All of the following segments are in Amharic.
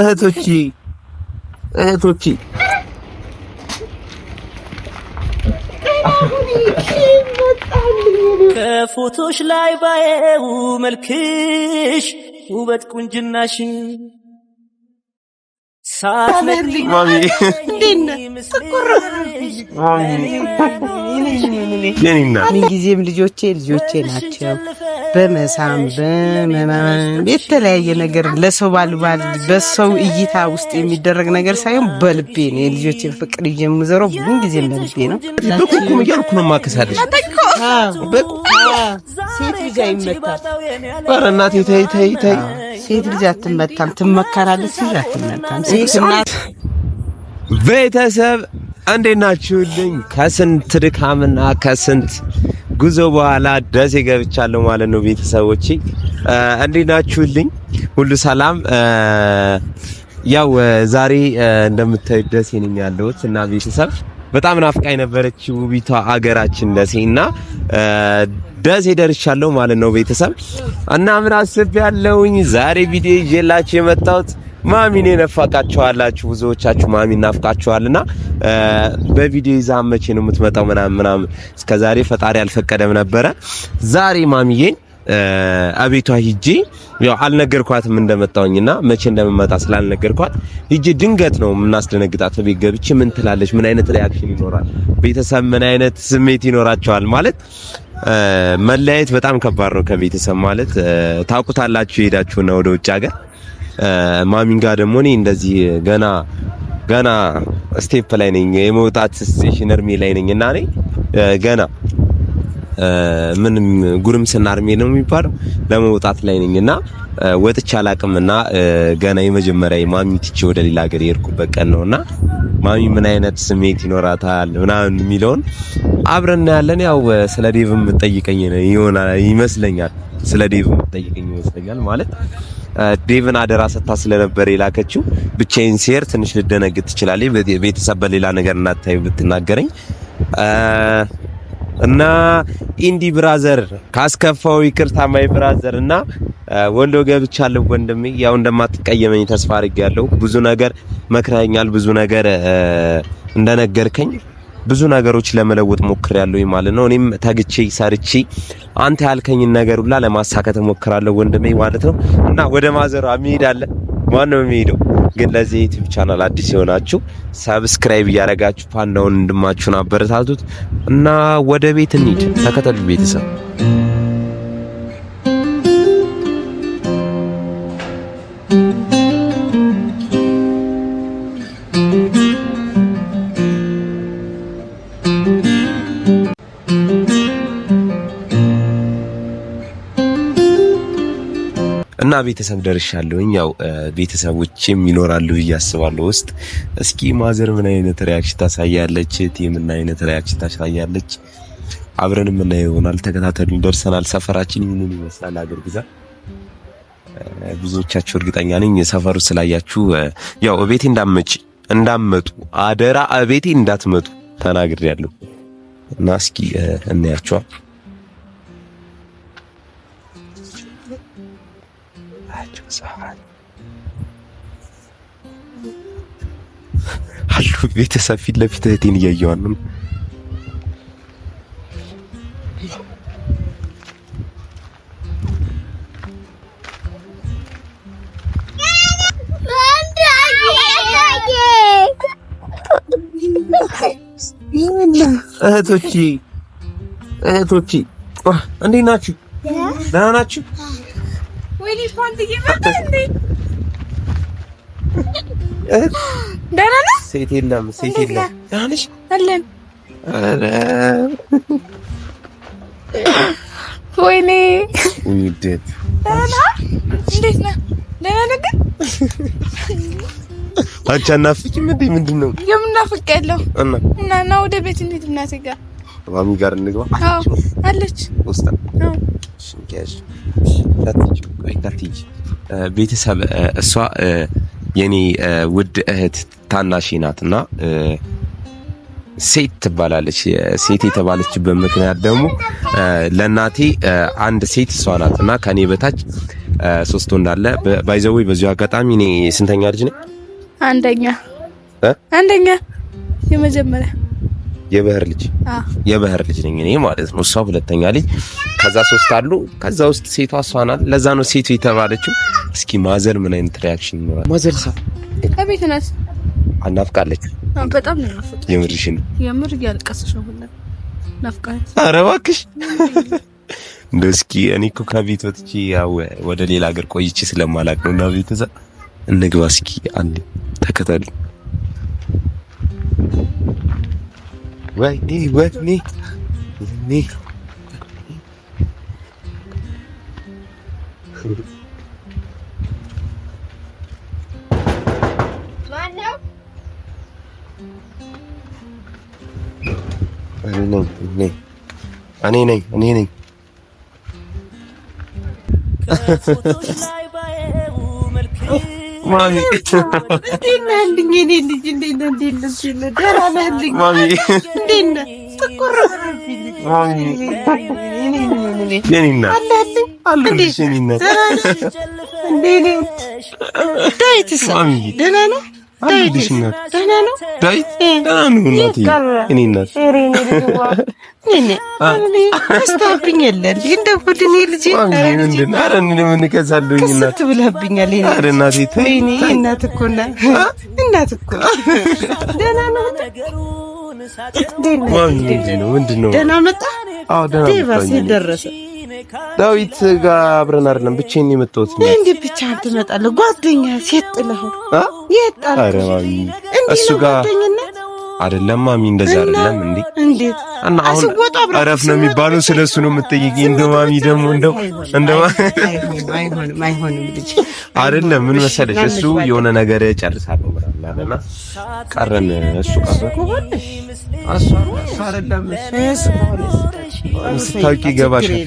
እህቶቼ እህቶቼ ከፎቶች ላይ ባየው መልክሽ ውበት ቁንጅናሽ ሳትነግሪኝ ምንጊዜም ልጆቼ ልጆቼ ናቸው። በመሳም በመማን የተለያየ ነገር ለሰው ባልባል በሰው እይታ ውስጥ የሚደረግ ነገር ሳይሆን በልቤ ነው። የልጆቼን ፍቅር እየምዘረው ምን ጊዜም በልቤ ነው። በኩኩም እያልኩ ነው ማከሳለች ሴት ልጅ አይመታም። ኧረ እናቴ ተይ ተይ ተይ፣ ሴት ልጅ አትመታም፣ ትመከራለች። ሴት አትመታም። ቤተሰብ እንዴት ናችሁልኝ? ከስንት ድካምና ከስንት ጉዞ በኋላ ደሴ ገብቻለሁ ማለት ነው ቤተሰቦቼ። እንዴት ናችሁልኝ? ሁሉ ሰላም? ያው ዛሬ እንደምታዩት ደሴ ነኝ ያለሁት እና ቤተሰብ በጣም ናፍቃ የነበረች ውቢቷ አገራችን ደሴ እና ደሴ ደርሻለሁ ማለት ነው ቤተሰብ እና ምን አስቤያለሁኝ ዛሬ ቪዲዮ ይዤላችሁ የመጣሁት ማሚን የነፋቃችኋላችሁ ብዙዎቻችሁ ማሚን ናፍቃችኋልና በቪዲዮ ይዛ መቼ ነው የምትመጣው? ምናምን ምናምን እስከዛሬ ፈጣሪ አልፈቀደም ነበረ። ዛሬ ማሚዬን አቤቷ ሂጂ ያው አልነገርኳትም እንደመጣውኝና መቼ እንደምመጣ ስላልነገርኳት ሂጂ ድንገት ነው የምናስደነግጣት። ቤት ገብቼ ምን ትላለች? ምን አይነት ሪያክሽን ይኖራል? ቤተሰብ ምን አይነት ስሜት ይኖራቸዋል? ማለት መለያየት በጣም ከባድ ነው ከቤተሰብ ማለት ታውቁታላችሁ። ሄዳችሁና ወደ ውጭ ሀገር ማሚን ጋር ደግሞ እኔ እንደዚህ ገና ገና ስቴፕ ላይ ነኝ፣ የመውጣት ስቴሽን እድሜ ላይ ነኝ እና እኔ ገና ምንም ጉርምስና እርሜ ነው የሚባለው ለመውጣት ላይ ነኝ እና ወጥቼ አላቅም እና ገና የመጀመሪያ ማሚ ትቼ ወደ ሌላ ሀገር የሄድኩበት ቀን ነው እና ማሚ ምን አይነት ስሜት ይኖራታል ምናምን የሚለውን አብረን እናያለን። ያው ስለ ዴቭም የምትጠይቀኝ ይሆናል ይመስለኛል። ስለ ዴቭም ይመስለኛል ማለት ዴቭን አደራ ሰታ ስለነበር የላከችው ብቻዬን ሲሄድ ትንሽ ልደነግጥ ትችላለ። ቤተሰብ በሌላ ነገር እናታዩ ብትናገረኝ እና ኢንዲ ብራዘር ካስከፋው ይቅርታ ማይ ብራዘር እና ወንዶ ገብቻለሁ ወንድሜ፣ ያው እንደማትቀየመኝ ተስፋ አድርጌያለሁ። ብዙ ነገር መክረኛል፣ ብዙ ነገር እንደነገርከኝ ብዙ ነገሮች ለመለወጥ ሞክሬያለሁ ማለት ነው። እኔም ተግቼ ሰርቼ አንተ ያልከኝን ነገር ሁላ ለማሳካት ሞክራለሁ ወንድሜ ማለት ነው። እና ወደ ማዘሯ አለ? ማን ነው የሚሄደው? ግን ለዚህ ዩቲዩብ ቻናል አዲስ የሆናችሁ ሰብስክራይብ እያደረጋችሁ ፓንዳውን ወንድማችሁን አበረታቱት እና ወደ ቤት እንሂድ። ተከተሉ ቤተሰብ እና ቤተሰብ ደርሻለሁኝ። ያው ቤተሰቦችም ይኖራሉ ብዬ አስባለሁ ውስጥ። እስኪ ማዘር ምን አይነት ሪያክሽን ታሳያለች፣ ቲም ምን አይነት ሪያክሽን ታሳያለች፣ አብረን የምናየው ይሆናል። ተከታተሉን። ደርሰናል። ሰፈራችን ይህንን ይመስላል። አገር ግዛ ብዙዎቻችሁ እርግጠኛ ነኝ ሰፈሩ ስላያችሁ ያው እቤቴ እንዳመጭ እንዳመጡ አደራ እቤቴ እንዳትመጡ ተናግሬያለሁ እና እስኪ እናያቸዋል ሰዓት አሉ ቤተሰብ ፊት ለፊት እህቴን እያየዋን ነው። እህቶቼ እህቶቼ እንዴት ናችሁ? ደህና ናችሁ? ሴት የለም፣ ሴት የለም። ወይኔ እንዴት ነህ? ደህና ነህ? አንቺ አናፍቂም እንዴ? ምንድን ነው የምናፍቅ ያለው? እና እና ወደ ቤት እንሂድ፣ እናቴ ጋር ማሚ ጋር እንግባ አለች ውስጥ ቤተሰብ እሷ የኔ ውድ እህት ታናሽ ናት እና ሴት ትባላለች። ሴት የተባለችበት ምክንያት ደግሞ ለእናቴ አንድ ሴት እሷ ናት እና ከኔ በታች ሶስት ወንድ አለ። ባይዘዌ በዚሁ አጋጣሚ እኔ ስንተኛ ልጅ ነኝ? አንደኛ አንደኛ የመጀመሪያ የባህር ልጅ የባህር ልጅ ነኝ እኔ ማለት ነው። እሷ ሁለተኛ ልጅ፣ ከዛ ሶስት አሉ። ከዛ ውስጥ ሴቷ እሷ ናት። ለዛ ነው ሴቱ የተባለችው። እስኪ ማዘር ምን አይነት ሪያክሽን ይኖራል? ማዘር ሳ ከቤት ናት። አናፍቃለች በጣም ነው። የምርሽ ነው የምር ያልቀሰሽ ነው ሁላ ናፍቃለች። ኧረ እባክሽ እንደው እስኪ እኔ እኮ ከቤት ወጥቼ ያው ወደ ሌላ ሀገር ቆይቼ ስለማላቅ ነው እና ቤተሰብ እንግባ እስኪ አንዴ ተከተሉ። Rainy, rainy, rainy. Ano neng, neng. anh neng, anh neng. Mami. Dinlendin yenildin dinlendin dinlendin. Dinlendin. Mami. Dinlendin. Mami. Yeninle. Aldım bir şey yeninle. Dinlendin. Dinlendin. Dinlendin. Mami. Dinlendin. አለልሽ እናት ደህና ነው። ዳዊት ደህና ነው እናት እኔ እናት ልጅ እናት እኮ እናት እኮ ደህና ነው። ምንድን ነው ደህና መጣ ደረሰ ዳዊት ጋር አብረን አይደለም ብቻዬን የመጣሁት። እንዴ ብቻ አትመጣለ? ጓደኛ ሴት ይጣል። አረ ማሚ እሱ ጋር አይደለም ማሚ፣ እንደዛ አይደለም እንዴ? እንዴት እና አሁን አረፍ ነው የሚባለው፣ ስለሱ ነው የምትጠይቂኝ? እንደ ማሚ ደግሞ እንደው እንደ አይሆንም፣ አይደለም። ምን መሰለሽ እሱ የሆነ ነገር ጨርሳለሁ ማለትና ቀረን፣ እሱ ቀረ እሱ አይደለም እሱ ስታውቂ ይገባሻል።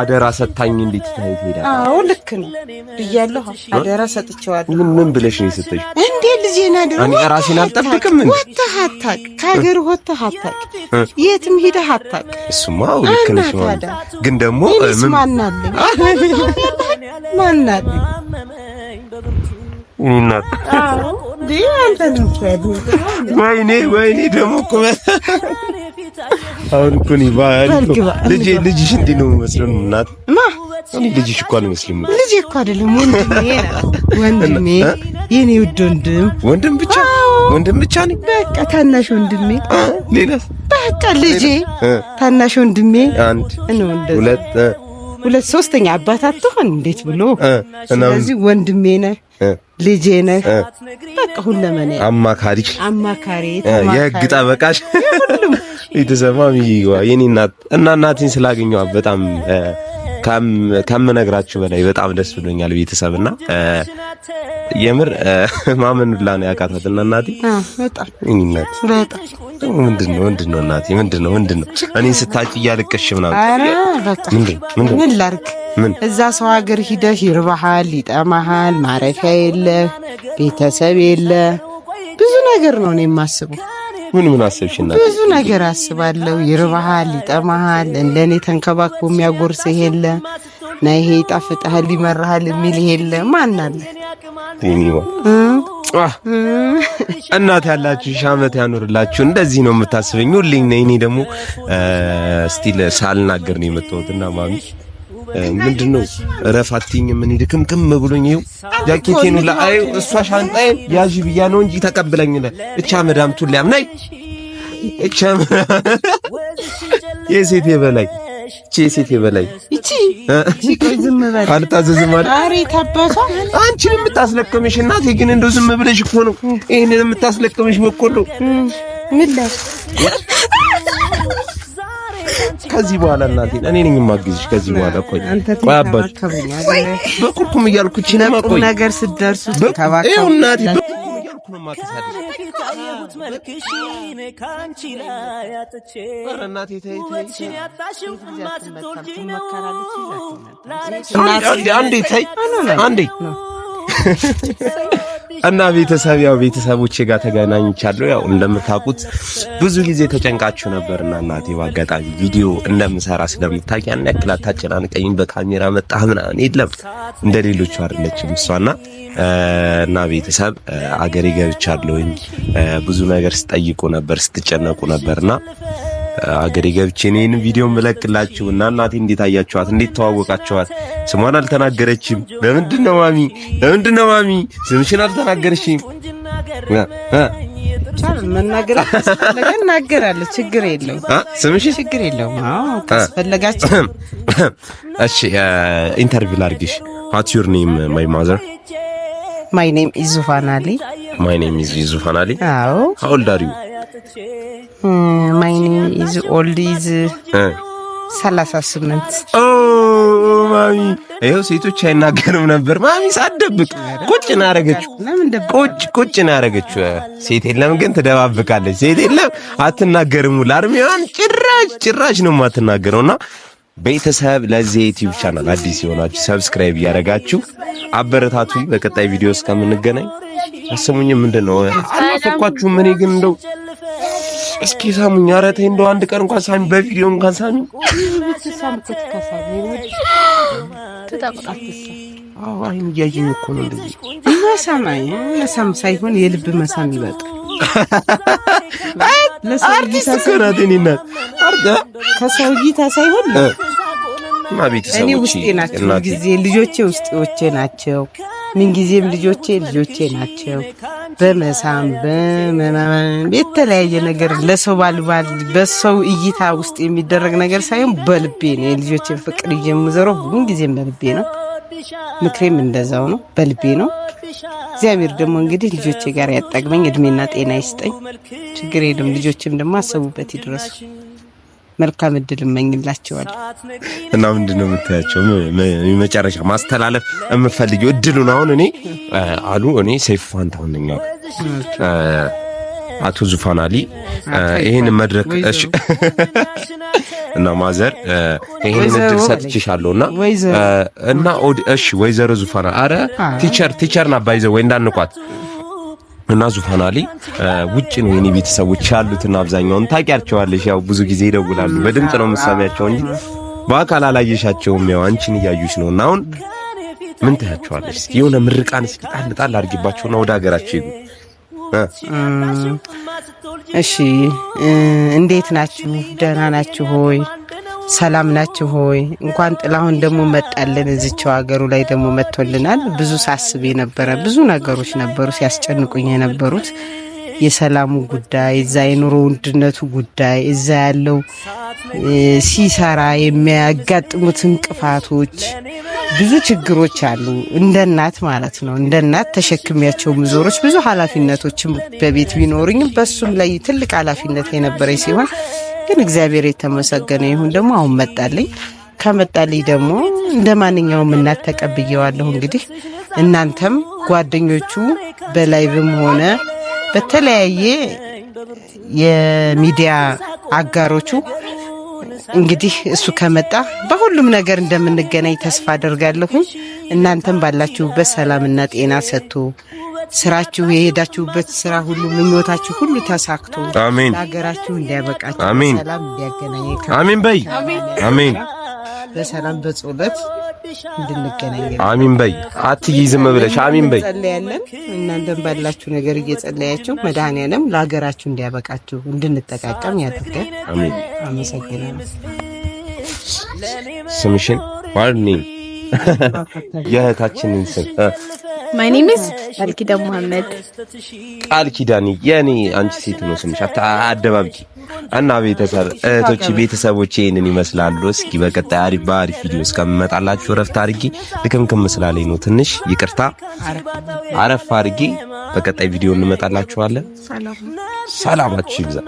አደራ ሰታኝ እንዴት ታይ ትሄዳለሽ? አዎ ልክ ነው ብያለሁ። አደራ ሰጥቼዋለሁ። ምን ምን ብለሽ ነው የሰጠሽ? እንዴ ልጄን አደራ እኔ ራሴን አልጠብቅም። ምን ወጥተህ አታውቅም፣ ከሀገር ወጥተህ አታውቅም፣ የትም ሄደህ አታውቅም። እሱማ አዎ ልክ ነሽ። ማለት ግን ደግሞ ምን ማናለኝ ማናለኝ እናት ወይኔ ወይኔ ደግሞ እኮ አሁን እኮ እኔ ልጅ ልጅሽ እንዴት ነው የሚመስለው? እናት ማ እኔ ልጅሽ እኮ አልመስልም። ልጅ እኮ አይደለም ወንድሜ፣ ወንድሜ የኔ ውድ ወንድም፣ ወንድም ብቻ ወንድም ብቻ ነኝ። በቃ ታናሽ ወንድሜ፣ ሌላስ? በቃ ልጄ፣ ታናሽ ወንድሜ አንድ ሁለት ሁለት ሶስተኛ አባታት አትሆን እንዴት ብሎ ስለዚህ ወንድሜ ነህ ልጄ ነህ በቃ ሁለመን አማካሪ አማካሪ የህግ ጠበቃሽ ሁሉም ቤተሰብ ማሚ የኔ እናት እና እናቴን ስላገኘኋት በጣም ከምነግራችሁ በላይ በጣም ደስ ብሎኛል ቤተሰብና የምር ማመን ብላ ነው ያቃታት እና እናቴ ምንድን ነው እናቴ ምንድን ምንድነው ምንድን ስታጭ እያለቀሽ ምናምን ምን ምን እዛ ሰው ሀገር ሂደህ ይርባሃል ይጠማሃል ማረፊያ የለ ቤተሰብ የለ ብዙ ነገር ነው እኔ የማስበው ምን ምን አሰብሽና? ብዙ ነገር አስባለሁ። ይርባሃል፣ ይጠማሃል፣ እንደኔ ተንከባክቦ የሚያጎርስ የለ ና ይሄ ይጣፍጥሃል፣ ይመራሃል የሚል የለ ማን አለ? እናት ያላችሁ ሺህ ዓመት ያኖርላችሁ። እንደዚህ ነው የምታስበኝ ሁሌ። እኔ ደግሞ ስቲል ሳልናገር ነው የመጣሁትና ማሚ ምንድን ነው ረፋቲኝ ምን ይድክም ክም ብሎኝ ይው ጃኬቴን ለአይ እሷ ሻንጣዬ ያዥ ብያ ነው እንጂ ተቀብለኝ እቻ መዳም ቱል ያምናይ እቻ የሴቴ በላይ እቺ የሴቴ በላይ እቺ ካልታዘዝም አለ አንቺን የምታስለቅምሽ እናቴ ግን እንደው ዝም ብለሽ እኮ ነው ይሄንን የምታስለቅምሽ በቆሎ ምን ከዚህ በኋላ እናቴ እኔ ነኝ የማግዝሽ። ከዚህ በኋላ ቆይ ቆይ አባት በቁርኩም እያልኩ ነገር ስትደርሱ ተባከው እናቴ ነው እና ቤተሰብ ያው ቤተሰቦቼ ጋር ተገናኝቻለሁ። ያው እንደምታውቁት ብዙ ጊዜ ተጨንቃችሁ ነበርና እናቴ በአጋጣሚ ቪዲዮ እንደምሰራ ስለምታውቂ ያን ያክል አታጨናንቀኝም። በካሜራ መጣህ ምናምን የለም እንደ ሌሎቹ አይደለችም እሷና እና ቤተሰብ አገሬ ገብቻለሁኝ። ብዙ ነገር ስጠይቁ ነበር፣ ስትጨነቁ ነበርና አገሬ ገብቼ እኔን ቪዲዮ መለቅላችሁ እና እናቴ እንዴት አያችኋት? እንዴት ተዋወቃችኋት? ስሟን አልተናገረችም። ለምንድን ነው ማሚ? ለምንድን ነው ማሚ ስምሽን አልተናገረችም? መናገር እናገራለሁ። ችግር የለውም። ችግር የለውም። አዎ ካስፈለጋችሁ። እሺ ኢንተርቪው ላድርግሽ። ዋትስ ዩር ኔም ማይ ማዘር? ማይ ኔም ኢዝ ዙፋን አሊ ማይ ኔም ኢዝ ዙፋን አሊ። አዎ ሃው ኦልድ አር ዩ? ማይ ኔም ኢዝ ኦልድ ኢዝ ሰላሳ ስምንት ማሚ ይኸው ሴቶች አይናገርም ነበር። ማሚ ሳትደብቅ ቁጭ ነው ያደረገችው። ቁጭ ቁጭ ነው ያደረገችው። ሴት የለም ግን ትደባብቃለች። ሴት የለም አትናገርም። ላርሚዋን ጭራሽ ጭራሽ ነው የማትናገረውና ቤተሰብ ለዚህ ዩቲዩብ ቻናል አዲስ የሆናችሁ ሰብስክራይብ እያደረጋችሁ አበረታቱ። በቀጣይ ቪዲዮ እስከምንገናኝ አሰሙኝ። ምንድን ነው አላፈኳችሁም። እኔ ግን እንደው እስኪ ሳሙኝ። ኧረ ተይ እንደው አንድ ቀን እንኳን ሳሚ፣ በቪዲዮ እንኳን ሳሚ። አዎ አይን እያየኝ እኮ ነው እንደዚህ መሳም ሳይሆን የልብ መሳም ይበቃል። ውስጤ ናቸው። ጊዜ ልጆቼ ውስጤዎቼ ናቸው። ምንጊዜም ልጆቼ ልጆቼ ናቸው። በመሳም በመናመን የተለያየ ነገር ለሰው ባልባል በሰው እይታ ውስጥ የሚደረግ ነገር ሳይሆን በልቤ ነው። የልጆቼን ፍቅር እየምዘረው ሁሉም በልቤ ነው። ምክሬም እንደዛው ነው፣ በልቤ ነው። እግዚአብሔር ደግሞ እንግዲህ ልጆቼ ጋር ያጣግመኝ፣ እድሜና ጤና ይስጠኝ። ችግር የለም። ልጆችም ደግሞ አሰቡበት ይድረሱ። መልካም እድል እመኝላቸዋለሁ። እና ምንድን ነው የምታያቸው? መጨረሻ ማስተላለፍ የምፈልጊው እድሉን አሁን እኔ አሉ እኔ ሰይፉ ፋንታሁን ነኝ አቶ ዙፋን አሊ ይህን መድረክ እና ማዘር ይህን እድል ሰጥችሻለሁ እና እና ኦድ እሺ ወይዘሮ ዙፋን አረ ቲቸር ቲቸር ና ባይዘ ወይ እንዳንቋት እና ዙፋን አሊ ውጭ ነው የኔ ቤተሰቦች ያሉትና አብዛኛውን ታውቂያቸዋለሽ። ያው ብዙ ጊዜ ይደውላሉ። በድምፅ ነው የምትሰሚያቸው እንጂ በአካል አላየሻቸውም። ያው አንቺን እያዩሽ ነው እና አሁን ምን ታያቸዋለሽ? የሆነ ምርቃን እስኪ ጣል ጣል አድርጊባቸውና ወደ ሀገራቸው ይጉ። እሺ እንዴት ናችሁ? ደህና ናችሁ ሆይ? ሰላም ናችሁ ሆይ? እንኳን ጥላሁን ደግሞ መጣልን። እዚቸው ሀገሩ ላይ ደግሞ መጥቶልናል። ብዙ ሳስብ የነበረ ብዙ ነገሮች ነበሩ ሲያስጨንቁኝ የነበሩት የሰላሙ ጉዳይ እዛ የኑሮ ውድነቱ ጉዳይ እዛ ያለው ሲሰራ የሚያጋጥሙት እንቅፋቶች ብዙ ችግሮች አሉ። እንደ እናት ማለት ነው። እንደ እናት ተሸክሚያቸው ምዞሮች ብዙ ኃላፊነቶችም በቤት ቢኖሩኝም በሱም ላይ ትልቅ ኃላፊነት የነበረኝ ሲሆን ግን እግዚአብሔር የተመሰገነ ይሁን ደግሞ አሁን መጣልኝ። ከመጣልኝ ደግሞ እንደ ማንኛውም እናት ተቀብየዋለሁ። እንግዲህ እናንተም ጓደኞቹ በላይቭም ሆነ በተለያየ የሚዲያ አጋሮቹ እንግዲህ እሱ ከመጣ በሁሉም ነገር እንደምንገናኝ ተስፋ አደርጋለሁ። እናንተም ባላችሁበት ሰላምና ጤና ሰጥቶ ስራችሁ የሄዳችሁበት ስራ ሁሉ ምኞታችሁ ሁሉ ተሳክቶ ሀገራችሁ እንዲያበቃችሁ ሰላም እንዲያገናኝ አሜን በይ አሜን። በሰላም በጾለት እንድንገናኝ። አሚን በይ አትይ፣ ዝም ብለሽ አሚን በይ። ጸልያለን። እናንተም ባላችሁ ነገር እየጸለያችሁ መድኃኔዓለም ለሀገራችሁ እንዲያበቃችሁ እንድንጠቃቀም ያድርገን። አሚን። አመሰግናለሁ። ስምሽን ማርኒ፣ የእህታችንን ስም ማይ ኔም ኢዝ ቃል ኪዳን መሐመድ። ቃል ኪዳን የኔ አንቺ ሴት ነው ስምሽ፣ አደባብቂ እና ቤተሰብ እህቶች ቤተሰቦች ይህንን ይመስላሉ። እስኪ በቀጣይ አሪፍ በአሪፍ ቪዲዮ እስከምመጣላችሁ እረፍት አድርጌ ልክምክም ስላለኝ ነው ትንሽ ይቅርታ። አረፍ አድርጌ በቀጣይ ቪዲዮ እንመጣላችኋለን። ሰላማችሁ ይብዛ።